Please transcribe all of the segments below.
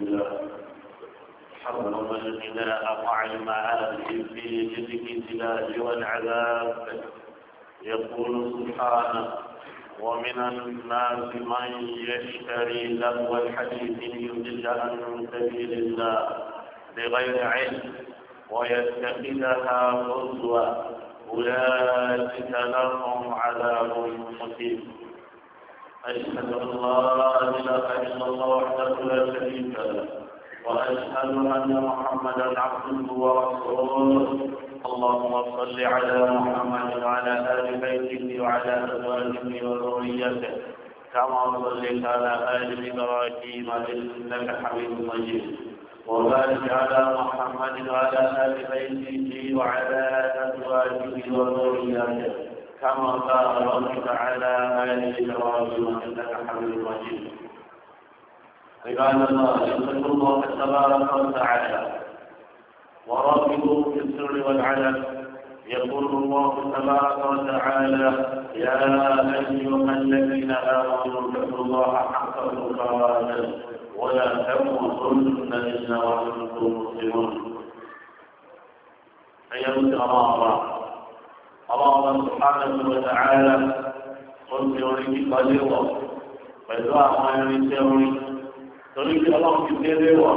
لله حرم الغناء مع المعاد في يدك الزلاج والعذاب يقول سبحانه ومن الناس من يشتري لهو الحديث ليضل عن سبيل الله بغير علم ويتخذها هزوا أولئك لهم عذاب مقيم أشهد أن لا إله إلا الله وحده لا شريك له وأشهد أن محمدا عبده ورسوله اللهم صل على محمد وعلى آل بيته وعلى أزواجه وذريته كما صليت على آل إبراهيم إنك حميد مجيد وبارك على محمد وعلى آل بيته وعلى أزواجه وذريته كما قال على آل إبراهيم إنك حميد مجيد عباد الله اتقوا الله تبارك وتعالى ورابطوا في السر والعلن يقول الله تبارك وتعالى يا أيها الذين آمنوا اتقوا الله حق تقاته ولا تموتن إلا وأنتم مسلمون أيها الأمارة اللهم سبحانه وتعالى قل يوريك قديرا فإذا ما يريد تريد الله كثيرا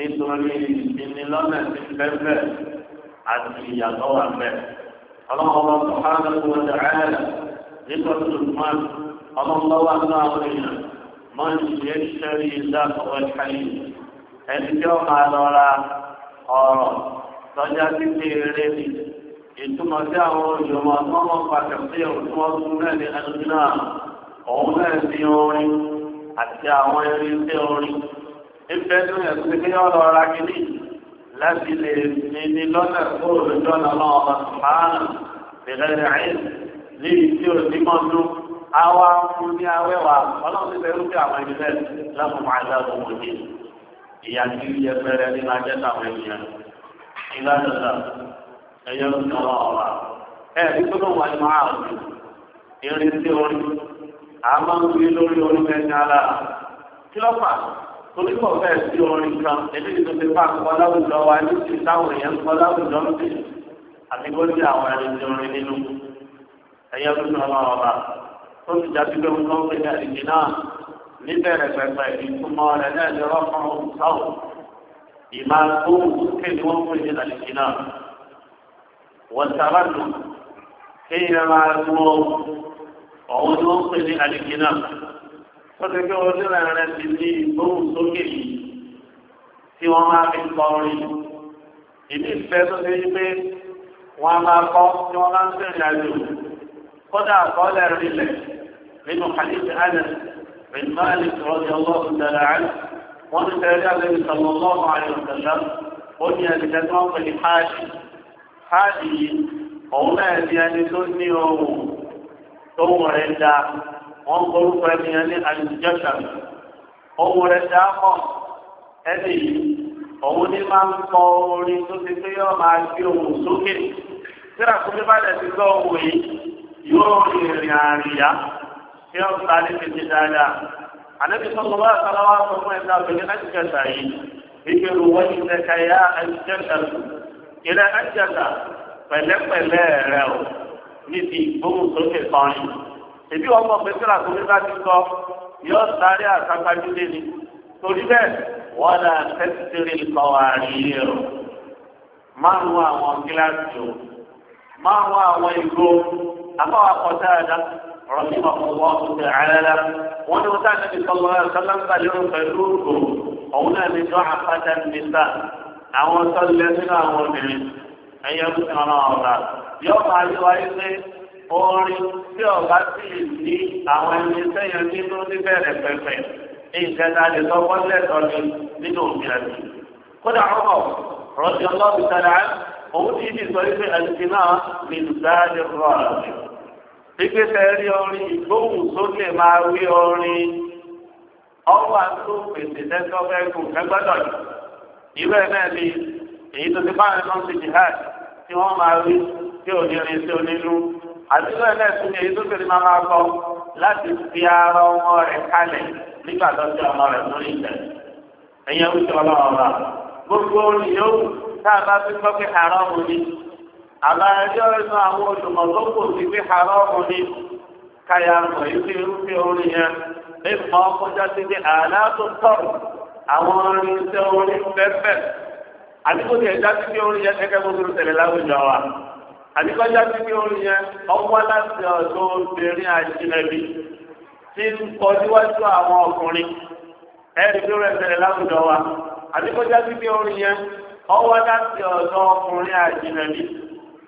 nítorí ìnilọ́nà ti bẹ́ẹ̀ àti ìyàtọ̀ wà bẹ́ẹ̀. ọlọ́mọba sọ̀hánà tó wọ́n dàrẹ́ nípa sùlùmán ọlọ́mọba náà wọ́n yàn máa ń ṣe ṣẹ́rí ìdáàbòbò ṣáyé. ẹni tí ó máa lọ ọ̀rọ̀ lọ́jà títí eré ìtumọ̀ sí àwọn olùmọ̀ ọmọ pàtàkì ọ̀tún ọdún náà ní ẹnìyà ọ̀hún náà sí orin àti àwọn irin sí orin. ìfẹ́ tó yẹ kí ní ọ̀rọ̀ ara kìíní láti lè ní ní lọ́nà tó olùjọ́ náà lọ́wọ́ ọba sùpáàlù bẹ̀rẹ̀ rẹ̀ ní ìdí òsínmọ́tò àwa fún ní awẹ́wà ọlọ́run ti bẹ̀rù ẹ̀yọ́ ló sọ̀rọ̀ ọ̀la ẹ̀ bí tó ló wà ní máa wù irin sí orí àmọ́ ń gbé lórí orí mẹ́ta ara kí ló fà onígbà ọ̀fẹ́ sí orin kan eléyìí tó ti fà kọ́ láwùjọ wa ní ti táwọn èèyàn kọ́ láwùjọ ń bì àti kó ní àwọn ẹni tí orin nínú ẹ̀yọ́ ló sọ̀rọ̀ ọ̀la tó ti jáde pé wọ́n ń pè ní àdìgì náà níbẹ̀rẹ̀ pẹ̀pẹ̀ ìtumọ̀ rẹ̀ náà lọ́rọ̀ fún ọ̀hún sáwọ̀ ìmáa tó kéde wọ́n pè ní àdìgì náà wọ̀tàrànù kéèyàn máa dúró ọ̀hún ni wọ́n pè ní àlìkínà wọ́n ti gbé onílẹ̀ rẹ̀ ti di ìgbóhùn sókè yìí tí wọ́n máa fi kọrin ìdí ìfẹ́ tó ṣe pé wọ́n á máa kọ́ tí wọ́n máa ń sẹ́yìn àjò kódà àkọọ́lẹ̀ rinlẹ̀ nínú hadith Anas bin Malik radiyallahu ta'ala anhu wọ́n ti tẹ̀lé àlejò sallallahu alaihi wasallam ó ní ẹ̀sìn káàdì ọ̀hún náà ní ẹni tó ní ohun tó wọ̀ rẹ̀ da wọ́n gbórúkọ ẹni yẹn ní alìjọ́sà ohun rẹ̀ da mọ̀ ẹni ọ̀hún ní máa ń kọ orin tó ti pé yọ́ máa gbé ohun sókè síra tó ní bá dẹ̀ ti gbọ́ ohun yìí yóò rìn ìrìn àríyá kí wọ́n ta ní tètè dáadáa ànábi sọ́kọ̀ bá sọ́kọ̀ wá sọ fún ẹ̀dá obìnrin láti kẹta yìí ìgbèrú wọ́n ti tẹ̀ka yá alìjọ́sà ìrẹ àjàgà pẹ̀lẹ́pẹ̀lẹ́ rẹ o níbi ìgbóhùnsókè kan ni èbí wọn mọ̀ pé kíra tó ní bá ti sọ yóò sáré àtàkàjúdé ni torí bẹ́ẹ̀ wọn là tẹsítẹrì kọwà àríyé o márùn àwọn kíláàsì o márùn àwọn ìgò àbáwọ akọta àdá rọbì ọmọwọ ọtún àlàlà wọn ni wọn sáà níbi sọlọ ẹ sọlá ń balẹ̀ wọn pẹ̀lú òògùn àwọn sọ́lẹ̀ sínú àwọn obìnrin ẹ̀yẹ ń sìn ọ̀nà ọ̀gá yóò máa yọ wáyé pé orin tí ọ̀gá sì ní àwọn ẹni sẹ́yìn tí tó ní bẹ̀rẹ̀ pẹ̀pẹ̀ ìjẹta lè sọ wọ́lẹ̀ sọ́ni nínú òfin ẹ̀sìn. kódà ọkọ̀ rọ̀jì ọlọ́run sẹ́lá òun ti ní sọ wípé ẹ̀sìn náà ní ìdájọ́ rọ̀ ọ̀sìn. ìgbésẹ̀ rí orin ìgbóhùn sókè máa wí orin ọwọ́ àtúnpèsè tẹ́tọ́ fẹ́ kù kẹgbẹ́dọ̀ yìí ìwé náà ni èyí tó ti bá àwọn ẹ̀kọ́ ti jihad tí wọ́n máa rí tí ò ní rin sí onínú àti ìwé náà tún ni èyí tó ti máa máa kọ láti fi ara ọmọ rẹ̀ kalẹ̀ nígbà tó ti ọmọ rẹ̀ lórí ìtẹ̀ ẹ̀yẹ wíṣọ ọlọ́run wa gbogbo olùyẹ̀wò tá a bá fi gbọ́ pé àárọ̀ ni àbáyọ inú àwọn olùmọ̀lọ́pọ̀ ti fi àárọ̀ mu ni káyà mọ̀ yìí fi irúfẹ́ orin yẹn lè mọ́ kọjá sí pé àlá tó tọ̀rọ̀ àwọn irinṣẹ́ orin pẹ́pẹ́ àdìgbòtì ẹ̀dá tí bí orin yẹn kẹ́kẹ́ bó dúró tẹ̀lé láwùjọ wa àdìgbòtì tí bí orin yẹn ọwọ́ láti ọ̀dọ́ obìnrin àjìnàbí tí ń kọ níwájú àwọn ọkùnrin ẹ̀rí tó rẹ̀ tẹ̀lé láwùjọ wa àdìgbòtì tí bí orin yẹn ọwọ́ láti ọ̀dọ́ ọkùnrin àjìnàbí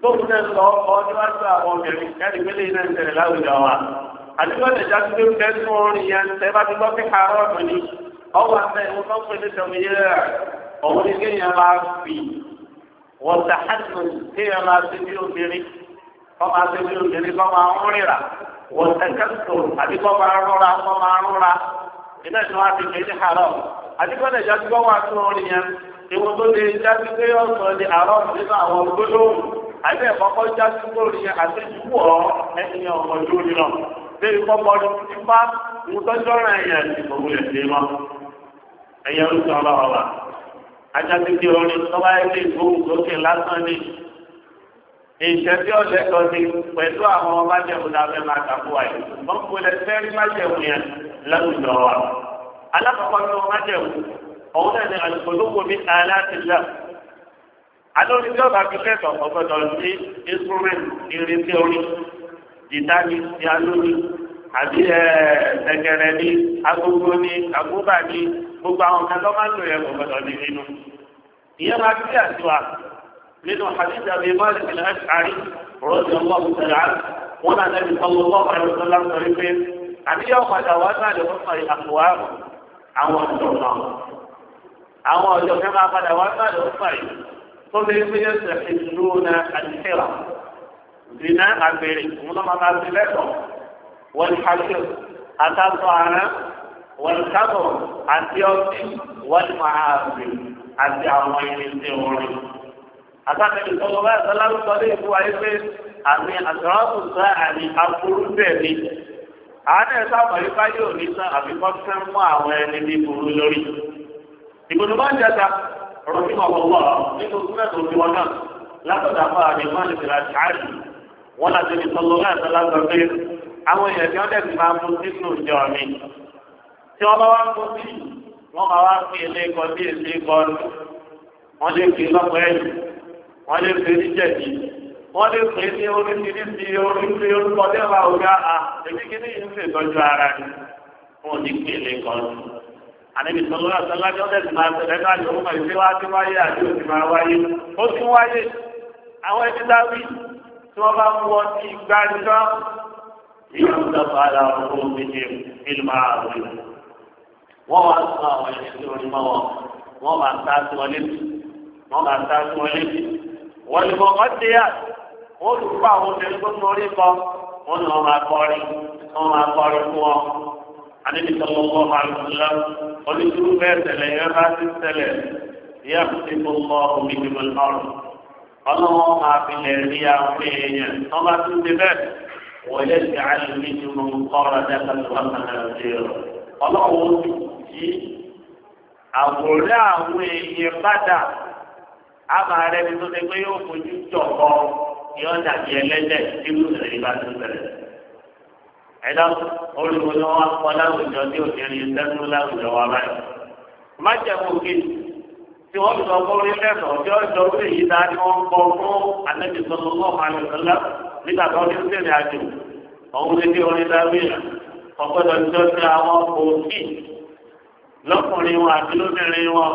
tó fún ẹ̀ lọ ọ níwájú àwọn obìnrin ẹ̀rí pé lẹ́yìn náà tẹ̀lé láwùjọ wa àdìgbòtì tí bí orin yẹn tẹ ọwọ́ abẹ́ ìwọ tó ń pè ní sọ̀rọ̀ yẹ́ ọ̀hún ni kéèyàn máa fi wọ́tà hàtùn kéèyàn máa ṣe bí obìnrin kọ́ máa ṣe bí obìnrin kọ́ máa ń rìnrà wọ́tà kẹ́tù àti kọ́ máa rọra kọ́ máa rọra ilé ìtura ti fi ní àárọ̀ àti kọ́ lè jáde wà tó yẹn ìwọ tó lè jáde pé àárọ̀ nínú àwọn jáde yẹn àti ọ̀ ẹ̀yẹ orúkọ ọlọ́wọ́ wa ajásíkí orin tọ́ba ẹgbẹ́ ìgbóhùn sókè lásán ní ìṣẹ́ tí ó lẹ́tọ̀ọ́ sí pẹ̀lú àwọn ọba jẹun lábẹ́ máa kàkó wa yìí wọ́n kò lè fẹ́ rí májẹun yẹn lẹ́wùjọ wa alákọ̀ọ́kọ́ ní wọn májẹun òun náà ní alùpùpù mi aláàtìlá alórí tí ọba fi kẹ́tọ̀ ọ̀gbọ́dọ̀ sí instrument irinṣẹ́ orin jìtá ti alórí àbí ẹ̀ẹ́dẹ̀gẹ̀rẹ̀ ni agogo ni àgùbà ni gbogbo àwọn kan máa ń lò yẹ ní nínú. ìyẹn máa fi àti nínú hadith àbí mọ́lẹ̀ ìlà àṣàrí rọ́ọ̀dì ndị tẹ̀lé wọn náà lẹ́nu tọ́lọ́ lọ́wọ́ pé àníyàn padà wá àwọn náà. àwọn máa padà wá tó na àgbèrè máa wọlùkábọ̀ àti ọtí wọ́n máa àbè àti àwọn irinṣẹ́ orin. Àtàkùn ìṣòro bá ìṣọ́lá ló sọ ní ìfú ayé pé àmì àtàràkùn sọ àmì aburú bẹ́ẹ̀ ni. Àánú ẹ̀ sábà yí báyìí ò àfikọ́ fẹ́ mú àwọn ẹni ní burú lórí. Ìgbòho bá ń jẹta ọ̀rọ̀ tí wọ́n nínú súnmẹ́tò tí wọ́n náà látọ̀dá fún àmì ìmọ̀lẹ̀ ìlà ṣáàrì. Wọ́n láti ní sọ́lọ́ láti lágbàgbé àwọn èèyàn tí wọ́n dẹ̀ tí wọ́n bá wá kó sí wọ́n máa wá pín ilé ikọ̀ sí ilé ikọ̀ ọdún wọ́n lè pín lọ́pọ̀ ẹ̀yìn wọ́n lè pín níjẹ̀bí wọ́n lè pín ní oríṣiríṣi oríṣi orúkọ tí wọ́n bá wù ká a èmi kí ni yìí ń ṣètọ́jú ara rẹ̀ wọ́n ní pín ilé ikọ̀ ọdún. àníbi sọlọ́ àtàlájọ́ tẹ̀sí máa tẹ̀lé káàdùn ọmọ ìṣe wá sí wáyé àti òsì máa wáyé ó sì wáyé àwọn ẹbí dáwí tí wọ́n bá mú ọ sí ìgbà ìjọ ìyàwó dọ́gba ara ọkọ̀ òṣèlú ìlú máa wọlé wọ́n máa sọ àwọn ẹ̀jẹ̀ tí wọ́n mọ́ wọn wọ́n máa ta sí wọn létí wọ́n máa ta sí wọn létí wọ́n ní wọ́n kọ́ dé yà wọ́n lù fún àwọn obìnrin tó ń lórí kọ wọ́n ní wọ́n máa kọrin wọ́n máa kọrin fún wọn àdébí sọ̀rọ̀ wọn máa lù lọ onídùúrú bẹ́ẹ̀ tẹ̀lẹ̀ yẹn bá ti tẹ̀lẹ̀ yẹ kí mo mọ omi kí mo lọrùn máa fi lè rí àwọn èèyàn tó bá tún ti bẹ́ẹ̀ yí àwòrán àwọn èèyàn padà á máa rẹni tó ṣe pé yóò fojú jọ̀kọ́ yóò dàbí ẹlẹ́dẹ̀ tí kò tẹ̀lé bá tó tẹ̀lé. ẹ̀dá olùkọ́ ni wọ́n kọ́ láwùjọ tí òkèrè sẹ́nu láwùjọ wa báyìí. má jẹ́ kó kí tí wọ́n sọ fún orí lẹ́sọ̀ọ́ tí wọ́n sọ fún èyí dá ní wọ́n kọ́ fún àtẹ́jú tuntun fún ọmọ àlùfẹ́lá nígbà tó ní àjò òun ní kí orin dáwé ọ̀gbọ́dọ̀ lọ́kùnrin wọn àti lóbìnrin wọn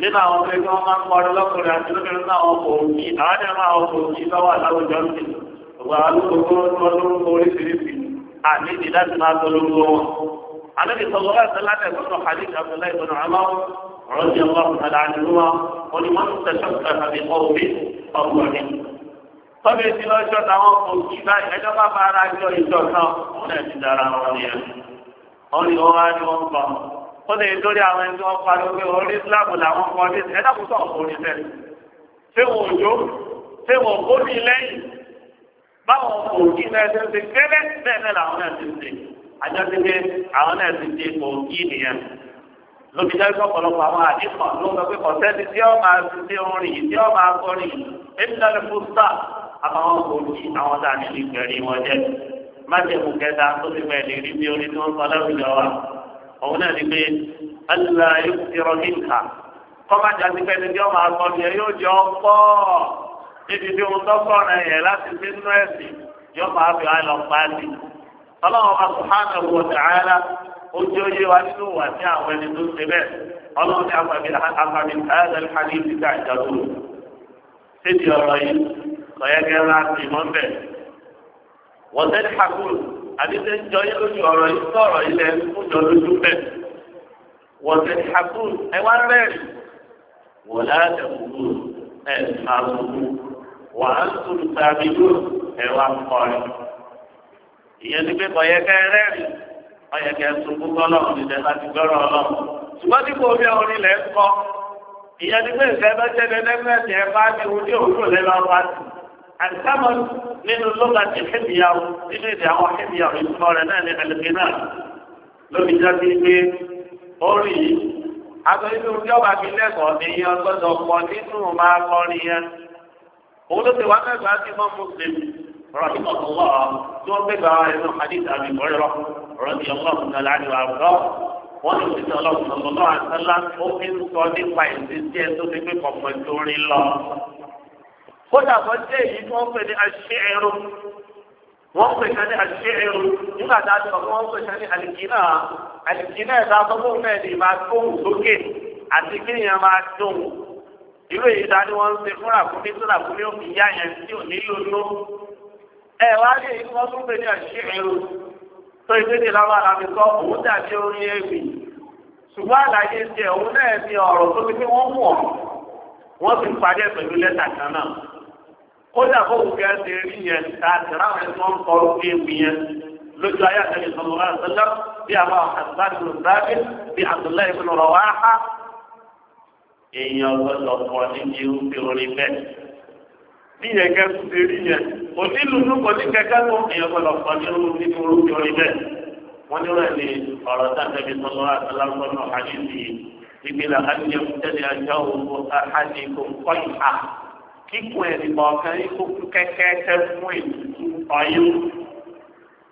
nínú àwọn pé kí wọ́n máa ń kọrin lọ́kùnrin àti lóbìnrin náà wọn kò kí àwọn ẹ̀rọ àwọn kò kí lọ́wọ́ àláwùjọ ń bì ọ̀gbà alúgbòkó lọ́lọ́rùkọ oríṣiríṣi àníbi láti máa polówó wọn. àlejò sọ̀rọ̀ ẹ̀sẹ̀ láti ẹ̀kọ́ hadith abdullahi ibn umar رضي الله تعالى عنهما ولمن تشبه بقوم أولهم tọ́bí tí lọ táwọn kò kí báyìí ẹjọ́ bá bá ara jọ ìjọ kan wọn ẹ̀ ti dára wọn ni ẹ̀ wọn ni wọn wá ní wọn kọ́ ó lè dórí àwọn ẹni tó wọ́n parí pé orí Islam làwọn ọmọ ọdún ẹ dákun tó ọ̀pọ̀ orí bẹ́ẹ̀ ṣé wọn ò jó ṣé wọn ò bóbi lẹ́yìn báwọn òkì náà ṣe ń ṣe gẹ́gẹ́ bẹ́ẹ̀ náà làwọn náà ti ṣe àjọ ti ṣe àwọn náà ti ṣe òkì nìyẹn lóbi jẹ́ pé ọ̀pọ̀lọpọ̀ àwọn àdìpọ̀ ló ń sọ pé kọ̀tẹ́ẹ̀tì tí ó máa ti ṣe orin tí ó máa kọrin èmi náà lè fún àtàwọn òkì àwọn tá a nílò wọn jẹ́ májèmú kẹta tó ti bẹ̀rẹ̀ rí bí orin tó ń sọ lẹ́rù òun náà ni pé ẹlẹ yóò ti rọ níta kọ́mọ̀jà ti pẹ́ ni bí ọmọ àgbọ̀ mi yóò jẹ́ ọ̀pọ̀ níbi tí òun tọ́kọ̀ rẹ̀ yẹ láti fi nú ẹ̀sìn yóò máa fi àlọ́ pàálí. ọlọ́run bá subhanahu wa ta'ala ojú oyé wa nínú wà sí àwọn ẹni tó ṣe bẹ́ẹ̀ ọlọ́run ní afàmì àyàdàlì hàní ti ká ìjàdó. sédi ọ̀rọ̀ yìí kọ̀yẹ́kẹ́ láti mọ́ bẹ́ẹ̀ wọ́n tẹ́lẹ̀ àbí tẹ ń jọ yín lójú ọ̀rọ̀ yìí sọ̀rọ̀ ilẹ̀ fún jọ lójú bẹ́ẹ̀ wọ́n ti hàkú ẹ wá rẹ́ẹ̀rì wọ́n láti kúrú ẹ̀ máa kúrú wọ́n á tún tàbí lóò ẹ wá kọrin ìyẹn ti pé ọ̀yẹ̀kẹ́ rẹ́ẹ̀rì ọ̀yẹ̀kẹ́ sunkún kọ́lọ́ọ̀ nílẹ̀ láti gbọ́rọ̀ ọlọ́ọ̀ ṣùgbọ́n dípò orí ọ̀rin ilẹ̀ ń kọ́ ìyẹn ti pé ìfẹ́ bá àìsàmọ́n nínú lọ́gà ti hẹ́bìyàwó nínú èdè àwọn hẹ́bìyàwó ìtumọ̀ rẹ̀ náà ní àlùkìnà lóbi jáde pé orí yìí aṣọ inú ìjọba fi lẹ́kọ̀ọ́ ní iye ọgọ́dọ̀ pọ̀ nínú máa kọrin yẹn òun ló ti wá mẹ́gbàá sí mọ́ mùsùlùmí رحمه الله ثم بقى من حديث أبي هريرة رضي الله تعالى عنه وأرضاه wọ́n ti sọ lọ́wọ́ sọ̀rọ̀ lọ́wọ́ àtàlà ó fi ń sọ nípa ìsinsin ẹ̀ tó ti pé kọ̀ọ̀kan tó rí lọ kódà kó jẹ́ èyí tí wọ́n pè ní aṣẹ́ẹ̀rù wọ́n pè kan ní aṣẹ́ẹ̀rù nígbà tá a ti sọ̀rọ̀ wọ́n pè kan ní àlìkínà àlìkínà ẹ̀dá sọ́kùn náà ni máa tóhùn sókè àti kí èèyàn máa tóhùn irú èyí tá ni wọ́n ń ṣe fúnra fún mi tóra ó fi yá yẹn tí ò nílò ló ẹ wá ní èyí tí wọ́n pè ní aṣẹ́ẹ̀rù tó ìgbé ní láwọn alámi kọ́ òun dàbí orin ewì ṣùgbọ́n àlàyé tiẹ̀ òun náà ni ọ̀rọ̀ tó fi pé wọ́n mú ọ wọ́n fi padẹ́ pẹ̀lú lẹ́tà kan náà kódà kó wù kẹ́ ṣe rí yẹn ká tẹ̀lé àwọn ẹni tó ń kọ́ lókè wù yẹn lójú ayé àtẹ̀lé sọ̀rọ̀ àtẹ̀lé bí àwọn àtàlẹ́ ìlúdàbí bí àtẹ̀lé ìfúnnọ̀rọ̀ wá há. èèyàn gbọ́dọ̀ kọ́ níbi irúfẹ́ orin bẹ́ẹ̀. bí yẹn kẹ́ tó ṣe rí yẹn kò ní lùdú kò ní kẹ́kẹ́ tó èèyàn gbọ́dọ̀ kọ́ ní irúfẹ́ orin bẹ́ẹ̀. wọ́n ní rẹ̀ ní ọ̀rọ̀ sátẹ̀lé sọ̀rọ̀ àtẹ̀lé kíkùn ẹ̀nìmọ̀ kan ikú kẹ́kẹ́kẹ́ fún ìlú ọ̀yún.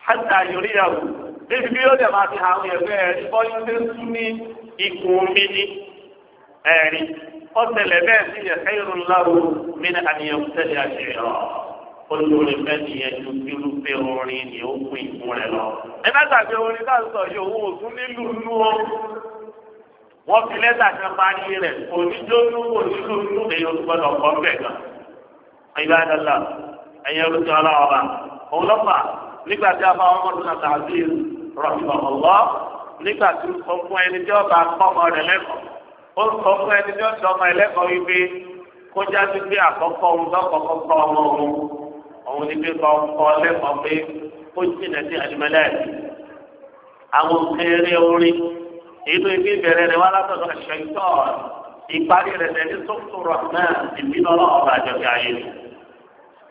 Hátà yorí ẹ̀wù, débi bí ó dẹ̀ máa fi àwọn ẹ̀fẹ́ ẹ̀rí bọ́yún tó sún ní ikùn omi ní ẹ̀rí. Ó tẹ̀lẹ̀ bẹ́ẹ̀ sí ẹ̀fẹ́ irun fẹ́ orin ni ó kún ìkún rẹ̀ lọ. Ẹ má orin bá sọ yòówó òtún nílùú nú wọ́n fi lẹ́tà kan parí rẹ̀ onídjónú onídjónú èyàn tó gbọdọ̀ kọ́ bẹ́ẹ̀ gan. ayélujára dada ẹ̀yẹ olùsọ ọlọ́ọ̀ba òun lọ́fà nígbà tí a bá wọn mọ̀tò náà tàbí rọ̀bìbọ̀ ọ̀lọ́ nígbà tí ó fún ẹni tí ọba kọ́mọ rẹ̀ lẹ́kọ̀ọ́ ó sọ fún ẹni tí ó ti ọmọ ẹlẹ́kọ̀ọ́ wípé kó jáde pé àkọ́kọ́ òun lọ́kọ̀ọ́kọ́ kọ́ ọmọ òun òun ni pé kọ́ ọkọ lẹ́kọ̀ọ́ pé ó jìnà sí àdìmẹ́lẹ́ àwọn kéré orin èyí tó ibi bẹ̀rẹ̀ rẹ̀ wá látọ̀dọ̀ ṣẹ̀tọ́ ìparí rẹ̀ tẹ̀lé sọ́kùtù rahman ìbínú ọlọ́ọ̀bà àjọkẹ́ ayé ni.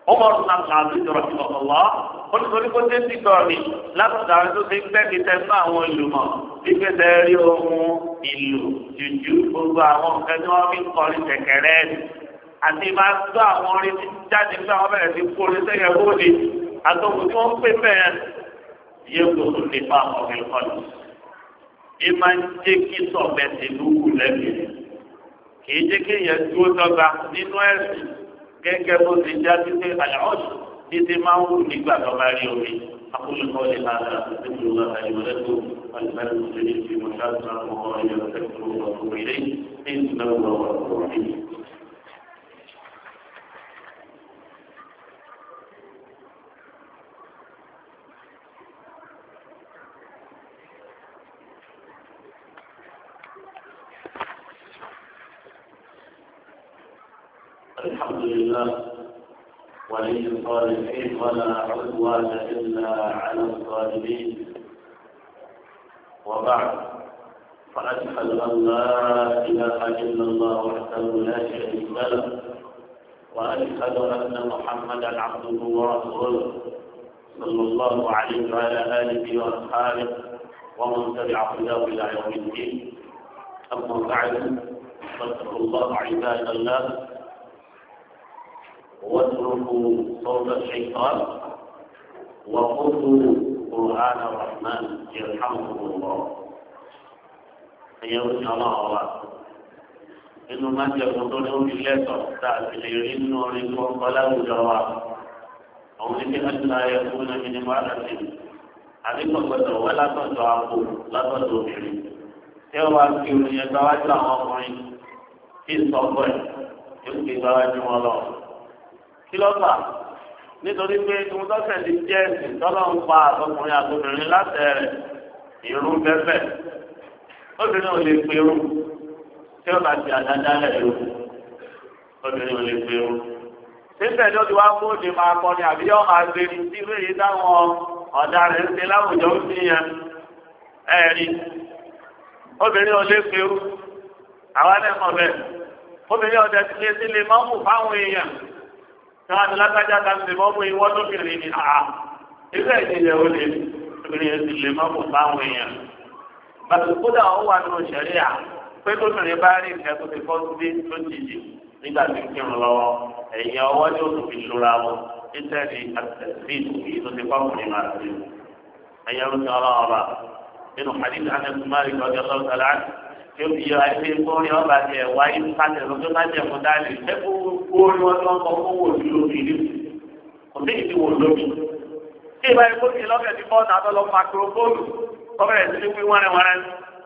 ó mọ̀ ọ́n náà kàn án lójú ọ̀lọ́ ó ní torí kó dé sí gbọ̀ọ̀mì látọ̀dọ̀ àwọn tó ti gbẹ́ mi tẹ̀sán àwọn olùmọ̀ wípé tẹ̀rí ohun ìlú jùjú gbogbo àwọn nǹkan tí wọ́n fi ń kọrin kẹ̀kẹ́rẹ́ àti máa gbọ́ àwọn orin jáde pé àwọn bẹ̀rẹ̀ sí kó orin sẹ́yẹ bóde àtọ̀kùn tí wọ́n pè bẹ́ẹ̀ yẹ kó tó lè fa ọ̀rẹ́ kọ́ni ẹ máa ń jẹ́ kí sọ̀bẹ̀ tìlú kù lẹ́bi kì í jẹ́ kí èèyàn dúró dọ́gba nínú ẹ̀sìn gẹ́gẹ́ bó ti já títí àyàwọ̀sù títí máa ń wù nígbà tó bá rí omi akólùkọ́ lè máa ra títí tó lọ àyẹ̀wò lẹ́tọ́ àlùfáà lè fi mọ̀ṣáàtúnṣe àwọn ọmọ ẹ̀yọ́ tẹ̀síwò ọ̀tún ilé ní الحمد لله ولي الصالحين ولا عدوان إلا على الظالمين وبعد فأشهد أن لا إله إلا الله وحده لا شريك له وأشهد أن محمدا عبده ورسوله صلى الله عليه وعلى آله وأصحابه ومن تبع هداه إلى يوم الدين أما بعد فاتقوا الله عباد الله واتركوا صوت الشيطان وقولوا قرآن الرحمن يرحمكم الله ẹ̀yẹ́wò ní ọlọ́run wa inú má jẹ́ kó tó ní omi lẹ́tọ̀ tá a sì lè rí inú orin kó kọ́ láwùjọ wa òun ní kí ẹ̀sìn náà yẹ kó lẹ́mi ní wàhálà sí i àbí gbọ̀gbọ̀dọ̀ wá látọ̀dọ̀ àpò látọ̀dọ̀ obìnrin tí wá fi orin gbáwájú àwọn ọkùnrin tí ì sọ́kọ̀ ẹ̀ yóò fi gbáwájú wọn lọ kílọ́fà nítorí pé tí wọ́n jẹ́ ìtọ́lọ́ pa àtọkùnrin àtọkùnrin látẹ̀rẹ̀ ìrú bẹ́fẹ̀ obìnrin ò lè pèrú tí ó bá ti àdájá lẹ̀ obìnrin ò lè pèrú. síbẹ̀ ní odò wa kó di máa kọ ni àbí yọ máa gbé ní tí wéyí táwọn ọ̀daràn ń ṣe láwùjọ ń fi ẹ̀rí obìnrin ò lè pèrú àwa náà bẹ́ẹ̀ obìnrin ọ̀dẹ̀ ti lè sílé mọ́mù fáwọn èèyàn káwọn alágbájá ta ń lè mọ́ fún ìwọ́n lóbìnrin ni àá ilé ìdílé ó lè obìnrin yẹn ti lè mọ́ fún báwọn èèyàn. bàtà kódà ó wà nínú ṣẹ̀ríà pé lóbìnrin bá rí nǹkan tó ti fọ́ sí lójijì nígbà tí ń kírun lọ́wọ́ ẹ̀yìn ọwọ́ ni ó tún fi lura wọn nítorí àtẹ̀síìn èyí tó ti fọ́ ọkùnrin máa ti ẹ̀yìn ọdún tí ọlọ́run ọba nínú owó ni wọ́n tó ń kọ́ fún wò ní lóbi ìlú kò sí ìdí wò lóbi. tí ìbá ikú ti lọ́fẹ̀ẹ́ ti bọ́ tàbí lọ makrofóònù kọ́fẹ̀rẹ̀ sí ní wíwọ́n rẹ̀ wọ́n rẹ̀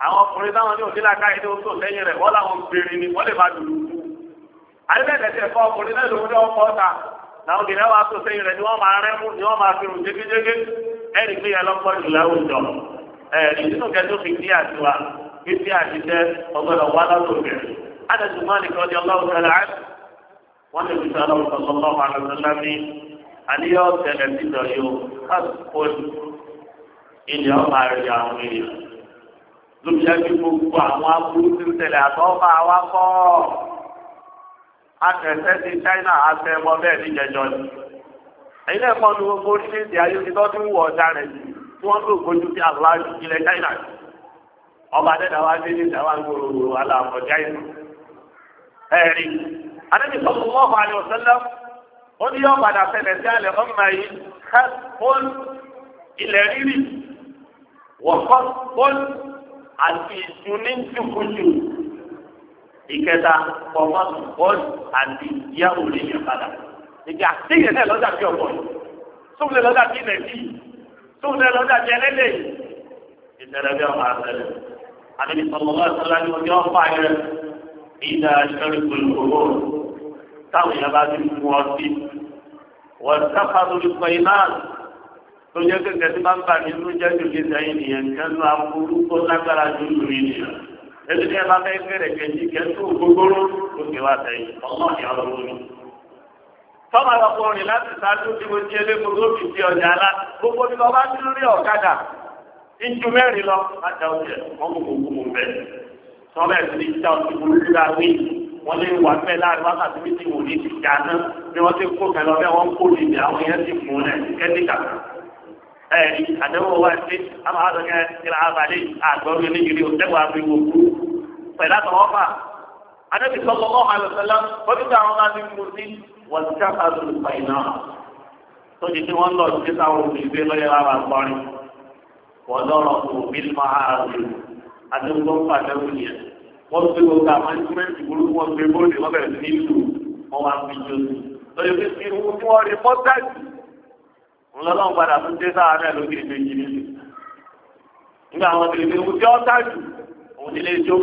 àwọn ọkùnrin táwọn ní òsínlá káyé tó tó lẹ́yìn rẹ̀ wọ́n làwọn obìnrin ni wọ́n lè má dùn lùkú. àdébẹ̀tẹ̀ ti ẹ̀kọ́ ọkùnrin náà lòun ní ọkọ̀ ọ̀tà làwọn obìnrin wa tó sẹ́yìn rẹ̀ ni wọ́n máa rẹ́mú ni wọ́n máa fi rùn jégéjégé ẹ̀rì pé ẹlọ́pọ̀ jù láwùjọ ẹ̀rì nínú kẹtó fi dí àtiwá fi dí àtijẹ́ ọgbọ́dọ̀ wá lọ́dọ̀ wọ́n lè fi sọ́lá ọ̀sán lọ́wọ́ àlùsọ́lá ní àníyàn ọ̀sẹ̀lẹ̀ títọ̀ yóò káàkiri ilẹ̀ ọmọ àrẹ àwọn èèyàn lóbi ẹbí gbogbo àwọn aburú ti ń tẹ̀lé àtọ́fà wa kọ́ akẹ̀sẹ̀ ti China àtẹ̀wọ́ bẹ́ẹ̀ ní jẹjọ ni ẹ̀yin náà kọ́ ní gbogbo orílẹ̀-èdè ayé ti tọ́ tí ń ọ̀dà rẹ̀ tí wọ́n lò gbójú sí aláàjù ilẹ̀ China ọba dẹ́dà wa dé ní ìdáwà gbòòrò aláàbọ̀ China ẹ̀rí àdébí sọ̀rọ̀ mọ́ àlè òṣèlú ó ní yọ padà fẹlẹ̀ sí àlè ọmọ yìí ká fún ilẹ̀ rírì wọ̀kọ́ fún àti ìtúní jùkújù ìkẹta pọ̀mọ́ fún àti ìyá òní yẹn padà. ìgbà tí ìyẹn náà lọ́jà bí ọ̀pọ̀ yìí tóun lọ́jà bí nàìjí tóun lè lọ́jà bí ẹlẹ́lẹ́ ìtẹ̀lẹ́ bí ọmọ àtẹlẹ́ àdébí sọ̀rọ̀ mọ́ àtẹlẹ́ ni wọ́n yọ ọ́ fà yẹn ìdá ìṣẹ́rí pẹ̀lú táwọn èèyàn bá ti mú ọtí wọ́n sáfàdù ìpọ̀ iná tó jẹ́ kẹ̀kẹ́ tí máa ń bà nínú jẹ́ tòkè sẹ́yìn nìyẹn kí wọ́n á burú kó lágbára ju lórí nìyẹn ẹni tí ẹ bá fẹ́ fẹ́rẹ̀ kẹ́jì kẹ́tù gbogbooro lókè wá sẹ́yìn ọgbọ́n ni ọ̀rọ̀ wọn ni. tọ́ba ọkùnrin láti sáájú tí mo ti ẹlẹ́mu tó fi di ọjà alá gbogbo ní ọba tí lórí ọ̀kadà ìjú mẹ́rin lọ láti ọjà wọn wọ́n lè wà pẹ́ láàrin wákàtí méjì wò ní ìjà náà bí wọ́n ti kó kẹlọ bẹ́ẹ̀ wọ́n kó níbi àwọn yẹn ti fún ẹ̀ kẹ́tíkà. ẹ àdéhùn wa ṣe àwọn àdókè ìlà abalẹ̀ àgbọ̀rù oníyìírí òtẹ́wọ̀ àfihàn òkú pẹ̀lú àtọwọ́fà. adébí sọ́kọ́ ọ̀hún àlùfẹ́lá wọ́n ti àwọn máa fi mú sí wọ́n ti káfà lù pàìnà. tó ti tí wọ́n lọ sí sáwọn òṣèlú lọ́yẹ̀ lára àgbọ̀rin wọ́n lọ́rọ̀ wọ́n gbé burúkú wọn gbé bóde wọ́n bẹ̀rẹ̀ sí ìlú wọn wá sí. lóye pé kí irun tí wọ́n rí mọ́tàkì ńlọ́lọ́run padà tún dé sáà náà lókè ìgbé yìí nígbà àwọn tèlè irun tí wọ́n tàkì òun ilé ijó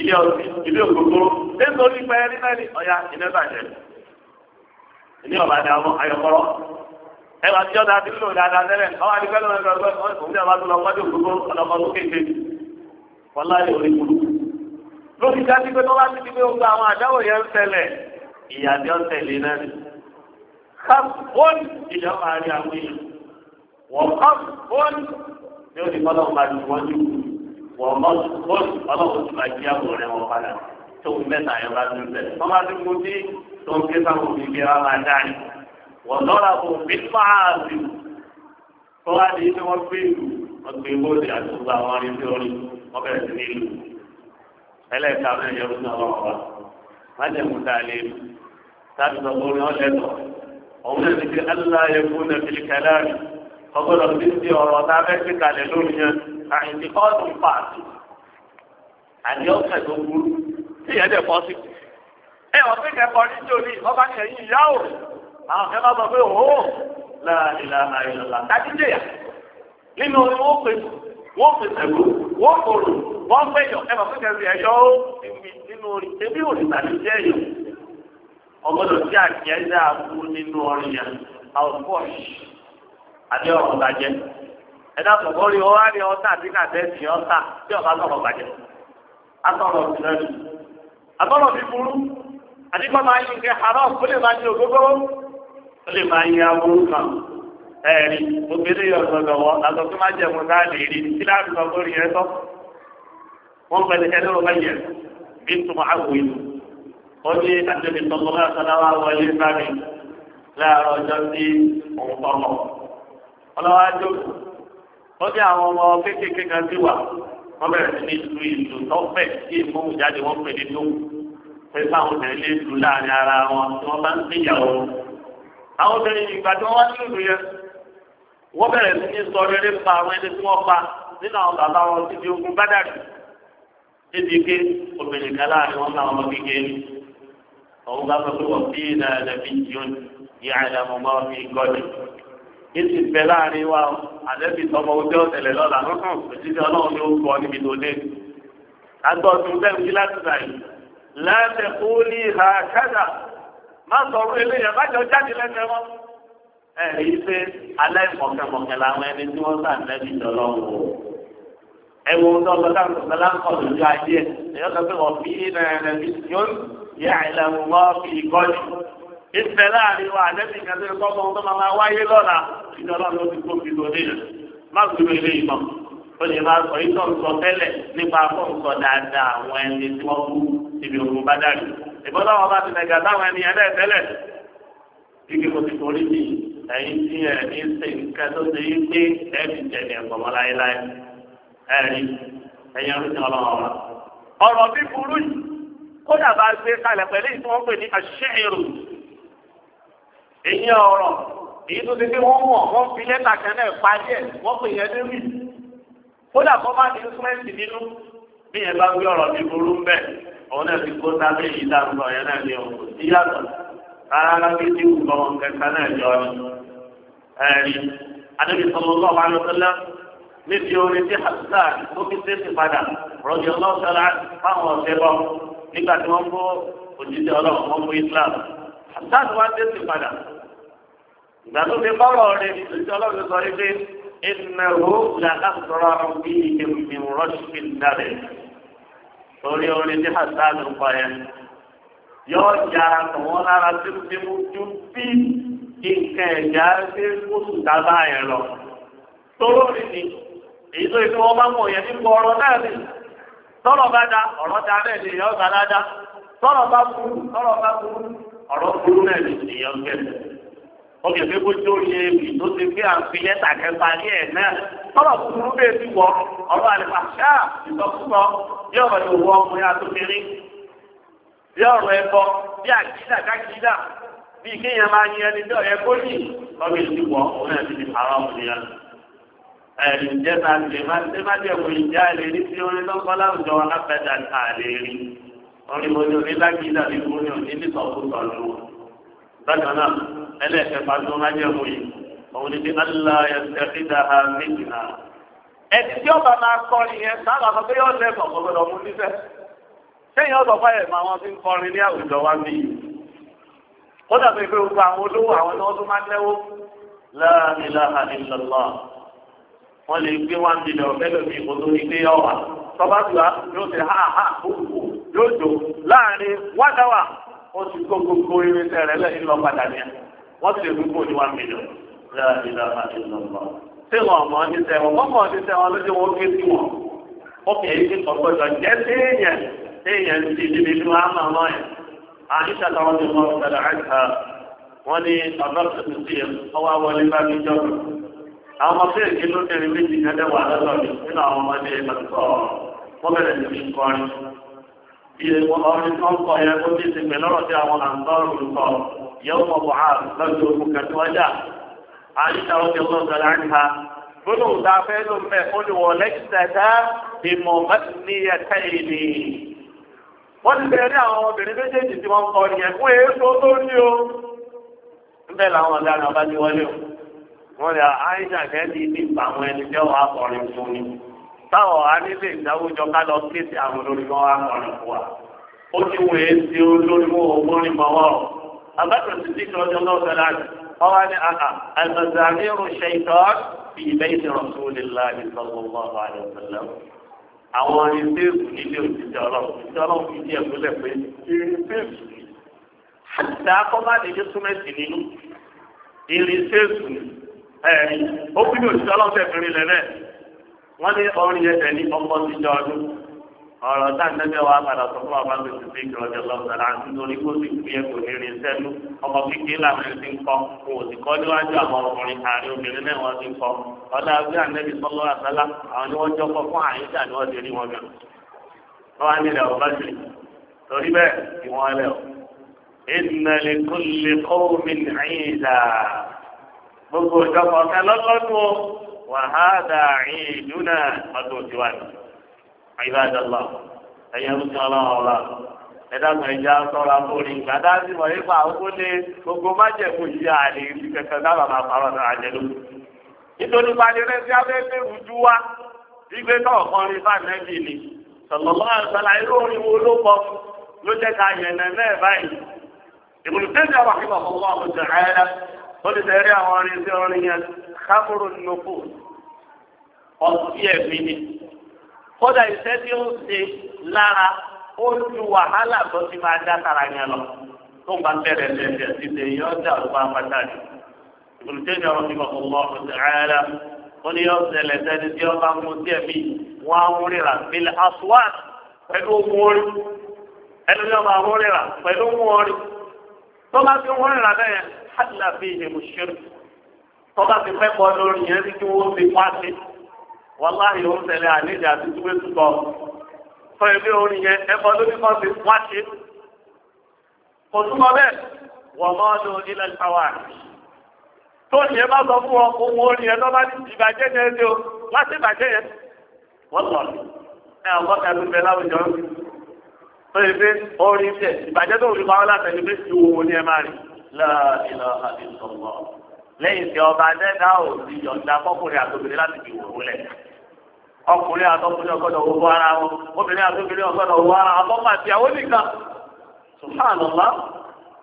ilé ọtí ilé òkòkòrò nítorí pé ẹni náà ní ọ̀yà ilé bàjẹ́ ilé ọ̀bà ni àwọn ayọ̀kọ́rọ́ ẹwà tí ọ̀dà ti lò dáadáa tẹ́lẹ̀ ọ̀hún adigun lọ́wọ́ ẹgbẹ́ ọ̀gbẹ́ ọ̀hún lórí dájú pé tó bá ti di pé gbogbo àwọn àdáwò yẹn ń tẹ̀lẹ̀ ìyàdí ọ̀tẹ̀lẹ̀ náà ni. káfọ́n ìyá máa rí àwọn èèyàn wọ́n káfọ́n ní ó ní kọ́ lọ́wọ́ máa ju wọ́n jù wọ́n mọ́tòfọ́n ọlọ́wọ́ ti máa jí àbò rẹ̀ wọ́n padà tó ń mẹ́ta yẹn bá ti ń wọ́n bá ti mú sí tó ń ké sáwọn òbí bí wọ́n máa dá ní. wọ́n lọ́ra kò fi fáàlì tó wá di ilé wọn gbé ìlú wọn gbé bóde ẹlẹ́ẹ̀ta náà yẹ fún ọlọ́run wa májèmú dálé tábìlì ọkùnrin ọ̀lẹ́tọ̀ òun náà ti fi aláyẹ fún nàfìlì kẹlẹ́rì ọgbọ́dọ̀ ti ti ọ̀rọ̀ tá a fẹ́ fi kalẹ̀ lórí yẹn àyìnbí kọ́ọ̀tù pààtì àti ọ̀sẹ̀ tó burú tí ìyẹn dẹ̀ pọ̀ ẹ ọ̀sẹ̀ kẹfọ́ ní jòlí ọba ní ìyá o àwọn kẹ bá pé òhó wọ́n kòrò wọ́n gbẹ̀yọ̀ ẹ bàbá kẹrin ẹ̀yọ́ nínú orin ebi ò ní tàbí jẹ́ èyàn ọgbọ́dọ̀ tí àjẹ́ dáa kú nínú orin yẹn àwọn àti ọ̀rọ̀ bàjẹ́ ẹ dákun kọ́ rí ọwọ́ ọ̀tá àti kàtẹ́sì ọ̀tá tí ọ̀bá sọ̀rọ̀ bàjẹ́ asọ̀rọ̀ ìrẹ́lú asọ̀rọ̀ bí burú àti ẹ̀rí obìnrin yóò sọ lọ́wọ́ àtọ̀ tó má jẹun náà lè rí kí sọ lórí ẹ wọ́n pẹ̀lú ẹni ọ̀gá yẹ bí tuma àgbo yìí. ó ní sọ láwọn láàárọ̀ ọjọ́ sí òun ọlọ́wọ́ ó ní àwọn ọmọ kan wà wọ́n bẹ̀rẹ̀ sí ní ìlú ìlú tọ́pẹ̀ wọ́n pè obìnrin láàrin ara wọn tí wọ́n bá ń wọ́n bẹ̀rẹ̀ sí ní sọ rere pa àwọn ẹni tí wọ́n pa nínú àwọn bàbá wọn ti di ogun bádàrí níbi ike obìnrin kan láàrin wọn láwọn ọmọ kékeré òun bá sọ pé wọ́n fi iná ẹlẹ́bí yóò yí àìlẹ́mọ̀ máa fi gọ́dẹ̀ èsì bẹ láàrin wa àlẹ́bí tọmọ ojú ọ̀tẹ̀lẹ̀ lọ́la lọ́sàn òṣìṣẹ́ ọlọ́run ló ń bọ̀ tó dé agbọ́dún bẹ́ẹ̀ ní láti rà yìí kú ní ìhà kẹ́dà ẹ̀rí pé aláìmọ̀kẹ́mọ̀kẹ́ làwọn ẹni tí wọ́n sàn lẹ́bi jọlọ wò. ẹ wo ń tọ́lọ láǹkọ̀ láǹkọ̀ lójú ayé ẹ̀ ẹ̀yọ́ sọ pé wọ́n fi iná ẹ̀rẹ́ bí yóò yẹ àìlẹ̀mú wọ́n fi ìkọ́jú. ìfẹ́ láàrin wa àlẹ́bí kan tó ń kọ́ ọmọ tó máa wáyé lọ́la ìjọba ló ti kó fi lóde rẹ̀ má gbúdọ̀ ilé ìmọ̀ ó lè máa sọ ìtọ́ sọ ẹ̀yin tí ẹ̀ ní sè nǹkan tó ṣe yín pé ẹ̀ ti jẹ̀bi ẹ̀gbọ̀mọ́ láéláé ẹ̀rí ẹ̀yin ọdún ti ọlọ́wọ́ wa. ọ̀rọ̀ bí burú yìí kódà bá gbé kalẹ̀ pẹ̀lú ìtí wọ́n pè ní aṣẹ́yìnrù èyí ọ̀rọ̀ èyí tó ti pé wọ́n mọ̀ wọ́n fi lẹ́tà kan náà parí ẹ̀ wọ́n pè yẹn ní rì kódà kó bá ní instrumenti nínú bí yẹn bá gbé ọ̀rọ̀ bí burú ń òun náà ti kó sábẹ́ yìí rárá bí tí wù lọ́wọ́ kẹta náà jọ ni. ẹ̀rí adébí sọ̀rọ̀ lọ́wọ́ alọ́sọ́lá níbi orin tí hasan tó fi tẹ́sí padà rọ̀jò lọ́sọ̀lá fáwọn ọ̀sẹ̀ bọ̀ nígbà tí wọ́n kó òjijì ọlọ́run wọn kó islam hasan wá tẹ́sí padà. ìgbà tó fi bọ́rọ̀ rẹ̀ òjijì ọlọ́run sọ wípé ìnáwó làkàtúrọ̀ bíi èmi rọ́ṣì fi dábẹ̀. torí orin tí hasan ń pa yẹn yọ yàrá tọ̀ wọ́n lára tẹ́kùtẹ́kù tó bí nǹkan ẹ̀já ṣe kóṣù dábà yẹn lọ. tóró rí ni èyí tó yẹ kí wọ́n bá mọ̀ yẹn nípa ọ̀rọ̀ náà ni tọ́rọ̀ bá da ọ̀rọ̀ da bẹ́ẹ̀ ni èèyàn gbàdá da tọ́rọ̀ bá burú tọ́rọ̀ bá burú ọ̀rọ̀ burú náà ni èèyàn gbẹ̀dẹ̀. ó kè fẹ́ kó tó yẹ ibi tó ti fi àǹfi lẹ́tà kẹfà ní ẹ̀ náà tọ́rọ̀ burú bẹ́ẹ̀ ti wọ ọ̀rọ̀ àlùfáà ṣáà ìtọ́kùtọ̀ bí ọ̀rọ̀ yóò wọ ọkùnrin àtúnfẹ́rí bí ọ̀rọ̀ ẹ̀kọ́ bí àkídà kákídà bí kéèyàn máa yin ẹni tí ọ̀rẹ́ kó ní ọmọ ìlú wọ òun náà ti di àrà ọmọnìyàn. ẹ̀rìn jẹ́ ta lè má ṣe má jẹ́ kó ìjà lè rí sí orin lọ́kọ́ láwùjọ afẹ́ta ta lè rí. orin mo ní orí lákìdá ní mo ní òní ní sọ̀kúsọ̀ lù. bákan náà ẹlẹ́ẹ̀kẹfà tó má jẹ́ kó yìí òun ni bí allah yẹ ẹni tí Téèyàn sọ fáyẹ̀ mọ́ àwọn tí ń kọrin ní àwùjọ wa ń bí. Ó dàbí pé gbogbo àwọn olówó àwọn ni wọ́n máa ń lẹ́wọ́. La ilaha illallah. Wọ́n lè gbé wá ń bilẹ̀ ọ̀fẹ́ lómi ìbò tó ní pé ọ̀wà. Tọ́ba tù á yóò ṣe ha ha kókò yóò jò láàrin wákàwà. Ó ti kó gbogbo irinṣẹ́ rẹ̀ lẹ́yìn lọ padà ní. Wọ́n ti lè gbogbo ní one million. La ilaha illallah. Tí wọ́n mọ̀ ní sẹ́wọ̀n, wọ́n mọ̀ ní sẹ́wọ̀n lójú wọn téèyàn ti di nínú àmà mọ́ ẹ̀ àyíṣà táwọn ti mọ ọ̀gbẹ̀rẹ̀ àìsà wọn ni ọ̀dọ́ tuntun sí ẹ̀ ọwọ́ wọlé bá mi jọ àwọn ọmọ fẹ́ẹ̀ kí ló tẹ̀lé méjì kẹ́lẹ́ wà lọ́dọ̀ mi nínú àwọn ọmọdé ẹ̀mọ̀tọ́ wọ́n bẹ̀rẹ̀ sí ní kọrin ilé wọn ọrin tó ń kọ yẹn ó ti ti pẹ̀lú ọ̀rọ̀ tí àwọn àǹtọ́rù ń kọ yẹ́wò mọ̀ bọ̀ á lọ́dọ̀ ogun kẹtùwájà àyíṣà ọ̀dẹ̀ ọlọ́gbẹ̀rẹ̀ àìsà gbọ́dọ̀ òdà fẹ́ ló ń bẹ̀ ó ní wọ̀ lẹ́kìtẹ̀ẹ́ta ìmọ̀ mẹ́tìlẹ́yẹtẹ́ ìlì wọ́n ti bẹ̀rẹ̀ àwọn obìnrin méjèèjì tí wọ́n kọ yẹn fún èso tó ní o níbẹ̀ làwọn ọ̀daràn bá ti wọlé o wọ́n lè àìsàn kẹ́ẹ̀dì ní àwọn ẹni jẹ́ wọ́n akọrin fún mi táwọn anílé ìdáwójọ ká lọ ké àwọn olórí wọn akọrin fún wa ó ti wọ èsì olórí wọn ògbórin mọ́ wọn o àbátò ti ti sọ ọjọ́ náà sọ́dá ọwọ́ ni àhà àgbàzà àmì ṣe ìtọ́ ìbẹ́ ìsìn rọ̀ àwọn irinṣẹ́ẹ̀sì nílé òṣìṣẹ́ ọlọ́run òṣìṣẹ́ ọlọ́run fi díẹ̀ múlẹ̀ pé irinṣẹ́ẹ̀sì ni àtà akọ́bàdé ní súnmẹ́sì nínú irinṣẹ́ẹ̀sì ni ẹ̀rí ó fi ní òṣìṣẹ́ ọlọ́run fẹ̀ fi rin lẹ́lẹ́ wọ́n ní ọrin ẹ̀sẹ̀ ní ọmọ ìjọ ọdún ọ̀rọ̀ tá nẹ́bẹ̀ wa padà sọ fún àwọn àgbẹ̀ tuntun ìkìlọ̀ ọjọ́ lọ́sàn án nítorí kó sì fi ẹ̀ kò ní rin sẹ́nu ọmọ kékeré làwọn ẹni ti ń kọ́ kò sì kọ́ níwájú àwọn ọkùnrin àárín obìnrin náà wọ́n ti ń kọ́ ọ̀dà àbí ànẹ́bí sọ́lọ́ àtàlà àwọn ni wọ́n jọkọ̀ fún àyíṣà ni wọ́n ti rí wọn gan. wọ́n á nílẹ̀ ọ̀bá sí torí bẹ́ẹ̀ kí wọ́n lẹ̀ ọ́ àyíbájọ́lá ẹ̀yẹ ń sọ ọlọ́run ọ̀la ẹ̀dàgbọ̀n ẹja sọ́ra fúnni gbàdá sí wọ̀ nípa àkókò lé gbogbo májẹ̀kù yìí àlè kẹ̀kẹ́ dábàá máa parọ́ náà àjẹlú. nítorí pàdérẹ́ sí abẹ́fẹ́ ojú wa gbígbé náà kan rí fàmẹ́lì ni sọ̀lọ́lọ́ àgbàlá irú orin wo ló kọ ló jẹ́ ká yẹ̀nà náà báyìí. ìbùdó àwọn orin sí orin kódà iṣẹ́ tí ó ń ṣe lára ó ju wàhálà tó ti máa dá tara yẹn lọ tó ń bá bẹ̀rẹ̀ lẹ́sẹ̀ títẹ̀ yóò dà ó bá pàtàkì olùtẹ́ni ọ̀rọ̀ ti kọ̀kọ́ mọ́ ọ̀sẹ̀ ara ó ní yóò ṣẹlẹ̀ sẹ́ni tí ó bá mú sí ẹ̀mí wọn á múrí rà bílẹ̀ aswad pẹ̀lú ohun orí ẹni tí ó bá múrí pẹ̀lú ohun orí tó bá fi múrí rà bẹ́ẹ̀ hàtìlá fi ìhèmù tó bá fi pẹ́kọ̀ọ́ wàláhì ó ń tẹ̀lé àlejò àti túwé túbọ̀ fún ẹgbẹ́ orin yẹn ẹ̀kọ́ ló ní kọ́ sí wá ṣe. kò túmọ̀ bẹ́ẹ̀ wọ́n mọ́ ọ́nù ilẹ̀ ìpàwà. tó ní ẹ bá sọ fún ọ ohun orin yẹn tó bá ti ìbàjẹ́ yẹn ni o láti ìbàjẹ́ yẹn. wọ́n lọ ẹ ọ̀gbọ́n kan ló bẹ láwùjọ fún ẹgbẹ́ orin tẹ̀ ìbàjẹ́ tó rí pàwọ́ látẹ̀lé pé ìwòwò ni ẹ máa rí lẹ́yìn tí ọba dẹ́dá ò ti yọ̀ǹda fọ́kùnrin àtòbìnrin láti fi wò ó lẹ̀ ọkùnrin àtọkùnrin ọgbọ́dọ̀ owó ara wọn obìnrin àtọkùnrin ọgbọ́dọ̀ owó ara àbọ́mọ àti àwọn nìkan sùhánàlá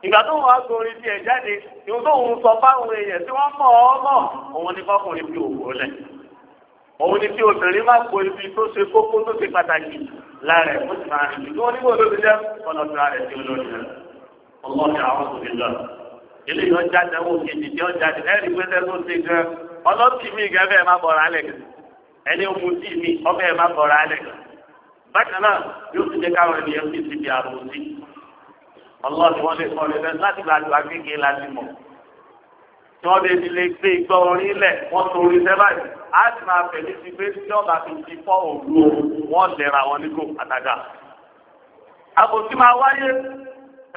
ìgbà tó wọn agbórí tí ẹ jáde ìwọ tó ń sọ fáwọn èèyàn tí wọn mọ ọ mọ òun ni fọkùnrin fi òwò lẹ òun ni kí obìnrin má po ibi tó ṣe kókó tó ṣe pàtàkì lára ẹ̀ fún ìgbà rẹ̀ ìgbà onígbà olóbi jẹ́ ọ̀nà ìgbà rẹ̀ tí olóbi rẹ̀ ọlọ́ọ̀ni àwọn òbí lọ. ilé yọ jáde owó kejì tí ó jáde ẹ̀rí pé tẹ́lifóṣe gan ọlọ́ọ̀tì mi gẹ́gẹ́ má ẹni ogun sí mi ọbẹ̀ má bọ̀ra alẹ̀ bákan náà yóò ti jẹ́ káwọn ènìyàn fi ti di àrùn sí ọlọ́ọ̀ni wọ́n lè kọ́ lẹ́lẹ́ láti gbàgbà kékeré láti mọ̀ tí wọ́n lè ti lè gbé igbá orí lẹ̀ wọ́n torí sẹ́fà yìí á sì máa pẹ̀lú ti gbé tí ọba fi ti fọ́ òru wọn lẹ́ra wọn nígò àtàgà. àbòsí máa wáyé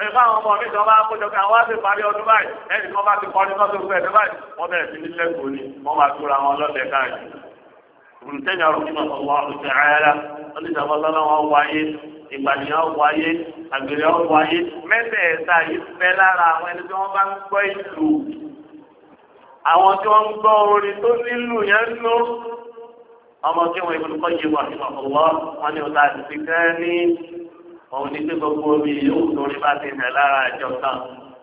ẹ̀fọ́ àwọn ọmọ mi kan bá kójọ kan wá sí parí ọdún báyìí ẹnì kan bá ti kọ́ ní sọ́dún fún ẹ̀dẹ́ báyìí wọ́n bẹ̀rẹ̀ sí ní lẹ́kọ̀ọ́ ni wọ́n máa tóra wọn lọ́dẹ káàkiri olùtẹ́jà rọ́bìmọ̀ ọ̀wọ́ ta'ala oníṣàbọ̀ lọ́nà wọn wáyé ìgbàniyàn wáyé àgbèrè wáyé mẹ́tẹ̀ẹ̀ta yìí fẹ́ lára àwọn ẹni tí wọ́n bá ń gbọ́ ìlú àwọn tí wọ́n ń gbọ́ orin tó nílù yẹn ń lò ọmọ tí wọn ìbùdókọ yìí wà nínú ọlọ wọn ni ọ̀tá àti fífẹ́ ní òun ní pé gbogbo omi yóò lórí bá ti rẹ̀ lára ẹjọ́ kan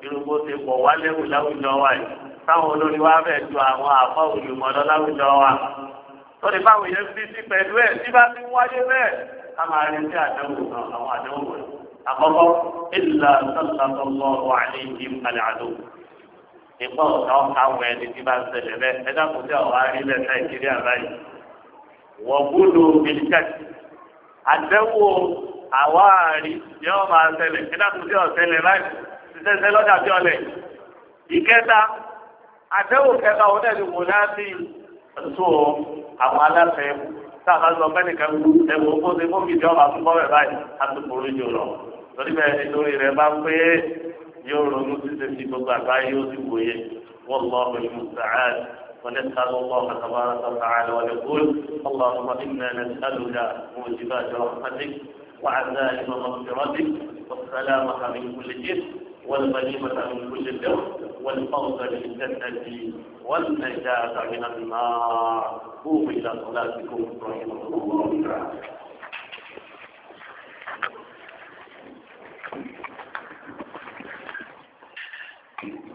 irúgbó ti pọ̀ wálé wù láwùjọ wa yìí táwọn olórí wa fẹ́ ju àwọn àfọ òjùmọ̀ lọ láwùjọ wa lórí báwọn yẹn fi sí pẹ̀lú ẹ̀ tí bá ti wáyé bẹ́ẹ̀ a máa rí sí àdánwò náà àwọn àdánwò rẹ̀ àkọ́kọ́ ìlà sọ́sọ́sọ́ wà ní ìdí kalẹ̀ àdó ìpọ̀ ọ̀sán káwọn ẹni tí bá ń ṣẹlẹ̀ bẹ́ẹ̀ ẹ dákun sí ọ̀rọ̀ arí lẹ̀ nàìjíríà báyìí wọ́n gbúdò bìlíkàtì ìkẹta àdánwò kẹta òun náà ni mò ń àwọn aláṣẹ ẹ̀kú tá a bá lọ bẹ́ẹ̀ nìkan kú ẹ̀kú ó ti fún fìdí ọ̀bà fún bọ́ọ̀rẹ̀ báyìí a ti borí jù lọ. torí bẹ́ẹ̀ nítorí rẹ̀ bá pé yóò ronú títí sí gbogbo àgbáyé yóò ti wòye wọ́n lọ ونسأل الله تبارك وتعالى ونقول اللهم إنا نسألك موجبات رحمتك وعزائم مغفرتك والسلامة من كل إثم والغنيمة من كل الدور والفوز بالجنة والنجاة من النار قوموا إلى صلاتكم رحمكم الله